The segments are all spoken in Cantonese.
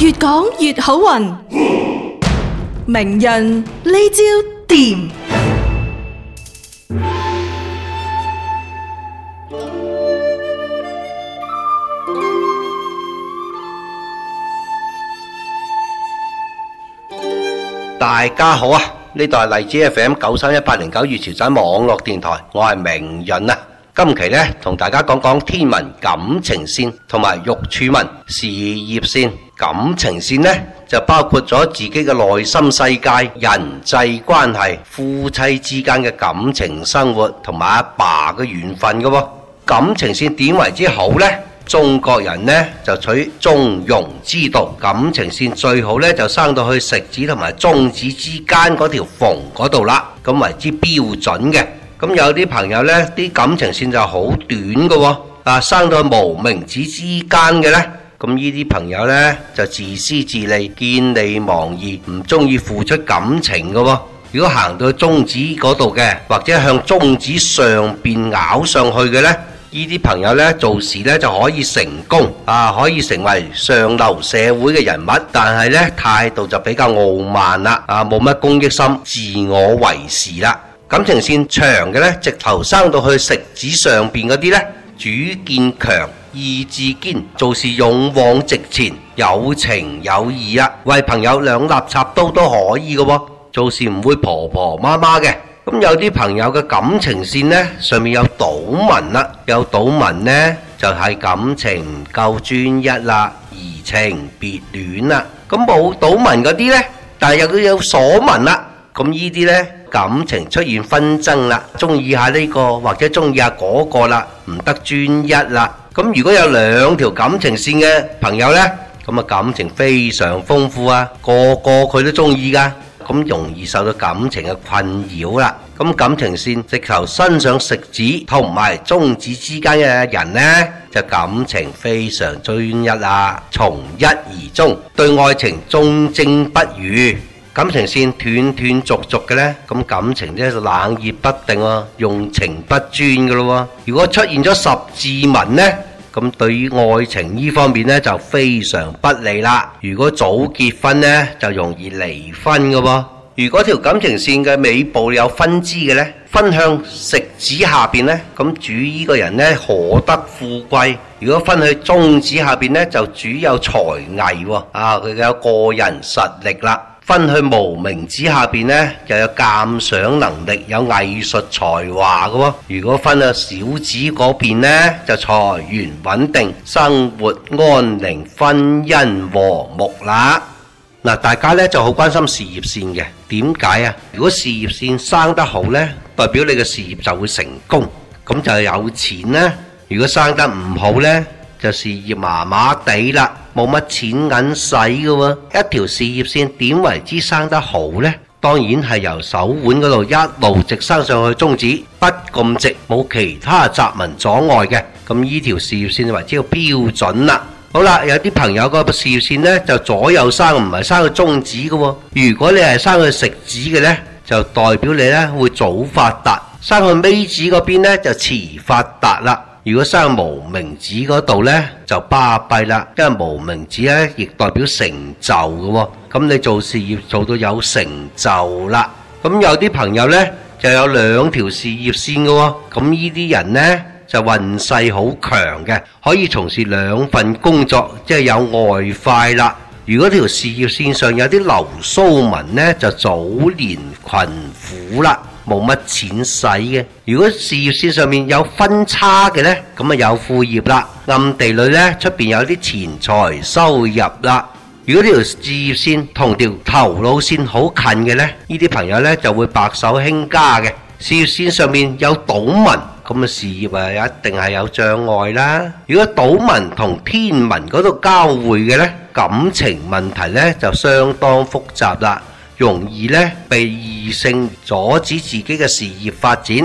越講越好運，名人呢招掂。大家好啊，呢度係荔枝 FM 九三一八零九粵潮仔網絡電台，我係名人啊。今期呢同大家講講天文感情線同埋玉柱文事業線。感情線呢，就包括咗自己嘅內心世界、人際關係、夫妻之間嘅感情生活同埋阿爸嘅緣分嘅喎、哦。感情線點為之好呢？中國人呢，就取中庸之道，感情線最好呢，就生到去食指同埋中指之間嗰條縫嗰度啦，咁為之標準嘅。咁、嗯、有啲朋友呢，啲感情線就好短嘅喎、哦，生到無名指之間嘅呢。咁呢啲朋友呢，就自私自利、見利忘義，唔鍾意付出感情嘅喎。如果行到中指嗰度嘅，或者向中指上邊咬上去嘅呢，呢啲朋友呢，做事呢就可以成功，啊可以成為上流社會嘅人物，但係呢，態度就比較傲慢啦，啊冇乜公益心，自我為是啦。感情線長嘅呢，直頭生到去食指上邊嗰啲呢，主見強。意志堅，做事勇往直前，有情有義啊！為朋友兩肋插刀都可以嘅喎，做事唔會婆婆媽媽嘅。咁有啲朋友嘅感情線咧，上面有倒文啦，有倒文咧就係感情唔夠專一啦，移情別戀啦。咁冇倒文嗰啲咧，但係又有所文啦，咁呢啲咧感情出現紛爭啦，中意下呢個或者中意下嗰個啦，唔得專一啦。咁如果有兩條感情線嘅朋友呢，咁啊感情非常豐富啊，個個佢都鍾意㗎，咁容易受到感情嘅困擾啦。咁感情線直頭伸上食指同埋中指之間嘅人呢，就感情非常專一啊，從一而終，對愛情忠貞不渝。感情線斷斷續續嘅呢，咁感情呢就冷熱不定喎，用情不專嘅咯。如果出現咗十字紋呢。咁對於愛情呢方面呢，就非常不利啦。如果早結婚呢，就容易離婚嘅喎、啊。如果條感情線嘅尾部有分支嘅呢，分向食指下邊呢，咁主呢個人呢，可得富貴；如果分去中指下邊呢，就主有才藝喎、啊。啊，佢有個人實力啦。分去無名指下邊呢，就有鑒賞能力，有藝術才華嘅喎。如果分去小指嗰邊呢，就財源穩定，生活安寧，婚姻和睦啦。嗱，大家呢就好關心事業線嘅，點解啊？如果事業線生得好呢，代表你嘅事業就會成功，咁就有錢呢，如果生得唔好呢？就事業麻麻地啦，冇乜錢銀使嘅喎。一條事業線點為之生得好呢？當然係由手腕嗰度一路直生上去中指，筆咁直，冇其他雜紋阻礙嘅。咁呢條事業線為之個標準啦。好啦，有啲朋友嗰個事業線呢，就左右生，唔係生去中指嘅喎。如果你係生去食指嘅呢，就代表你呢會早發達；生去尾指嗰邊呢就遲發達啦。如果生無名指嗰度呢，就巴閉啦，因為無名指呢亦代表成就嘅，咁你做事業做到有成就啦。咁有啲朋友呢，就有兩條事業線嘅，咁呢啲人呢，就運勢好強嘅，可以從事兩份工作，即係有外快啦。如果條事業線上有啲流蘇紋呢，就早年困苦啦。冇乜錢使嘅，如果事業線上面有分叉嘅咧，咁啊有副業啦，暗地裏咧，出邊有啲錢財收入啦。如果呢條事業線同條頭腦線好近嘅咧，呢啲朋友咧就會白手興家嘅。事業線上面有島紋，咁啊事業啊一定係有障礙啦。如果島紋同天紋嗰度交匯嘅咧，感情問題咧就相當複雜啦。容易咧被異性阻止自己嘅事業發展，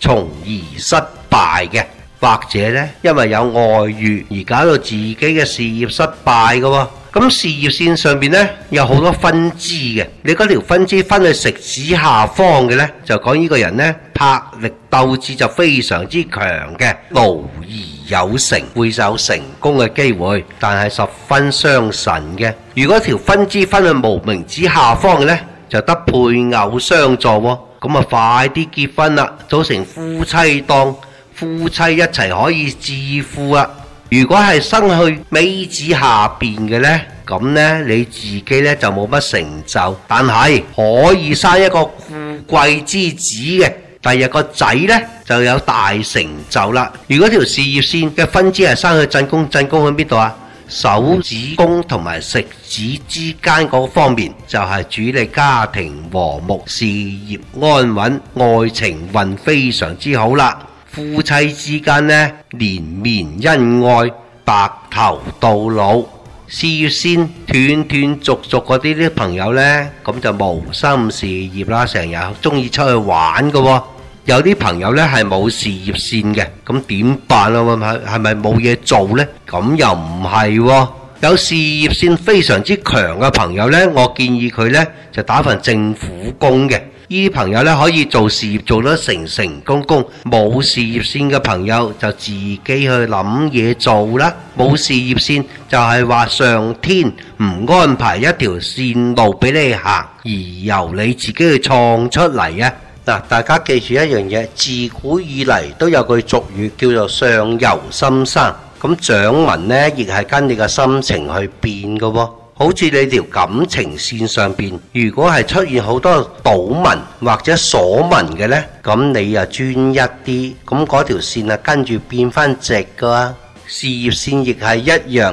從而失敗嘅；或者咧，因為有外遇而搞到自己嘅事業失敗嘅喎。咁、嗯、事業線上面呢，有好多分支嘅，你嗰條分支分去食指下方嘅呢，就講呢個人呢，魄力鬥志就非常之強嘅，勞役。有成會有成功嘅機會，但係十分傷神嘅。如果條分支分去無名指下方嘅呢，就得配偶相助喎，咁啊快啲結婚啦，組成夫妻檔，夫妻一齊可以致富啊！如果係生去尾指下邊嘅呢，咁呢你自己呢就冇乜成就，但係可以生一個富貴之子嘅。第日個仔呢就有大成就啦！如果條事業線嘅分支係生去震宮，震宮喺邊度啊？手指公同埋食指之間嗰方面，就係、是、主理家庭和睦、事業安穩、愛情運非常之好啦。夫妻之間呢，連綿恩愛，白頭到老。事業線斷斷續續嗰啲啲朋友呢，咁就無心事業啦，成日中意出去玩嘅喎、啊。有啲朋友咧係冇事業線嘅，咁點辦啊？係咪冇嘢做呢？咁又唔係、哦，有事業線非常之強嘅朋友呢，我建議佢呢就打份政府工嘅。呢啲朋友呢，可以做事業，做得成成功功。冇事業線嘅朋友就自己去諗嘢做啦。冇事業線就係話上天唔安排一條線路俾你行，而由你自己去創出嚟啊！嗱，大家記住一樣嘢，自古以嚟都有句俗語叫做相由心生，咁掌紋呢亦係跟你嘅心情去變嘅喎。好似你條感情線上邊，如果係出現好多倒紋或者鎖紋嘅呢，咁你又專一啲，咁嗰條線啊跟住變翻直嘅啦。事業線亦係一樣。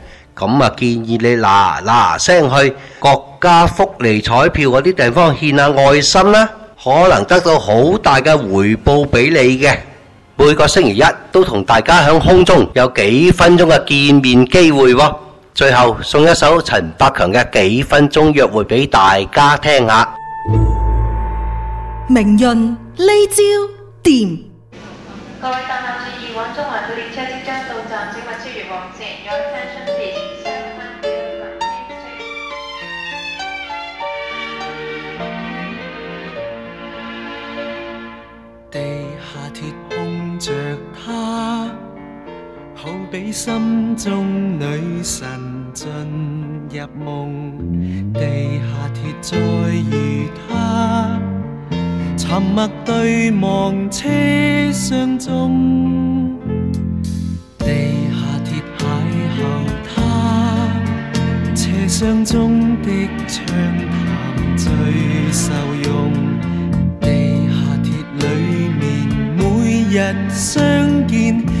咁啊，建議你嗱嗱聲去國家福利彩票嗰啲地方獻下愛心啦，可能得到好大嘅回報俾你嘅。每個星期一都同大家響空中有幾分鐘嘅見面機會喎。最後送一首陳百強嘅《幾分鐘約會》俾大家聽下。明潤呢招掂。各位乘客注意，往中環嘅列車即將到站，請勿超越黃線。心中女神進入夢，地下鐵再遇她，沉默對望車廂中。地下鐵邂逅她，車廂中的暢談最受用。地下鐵裡面每日相見。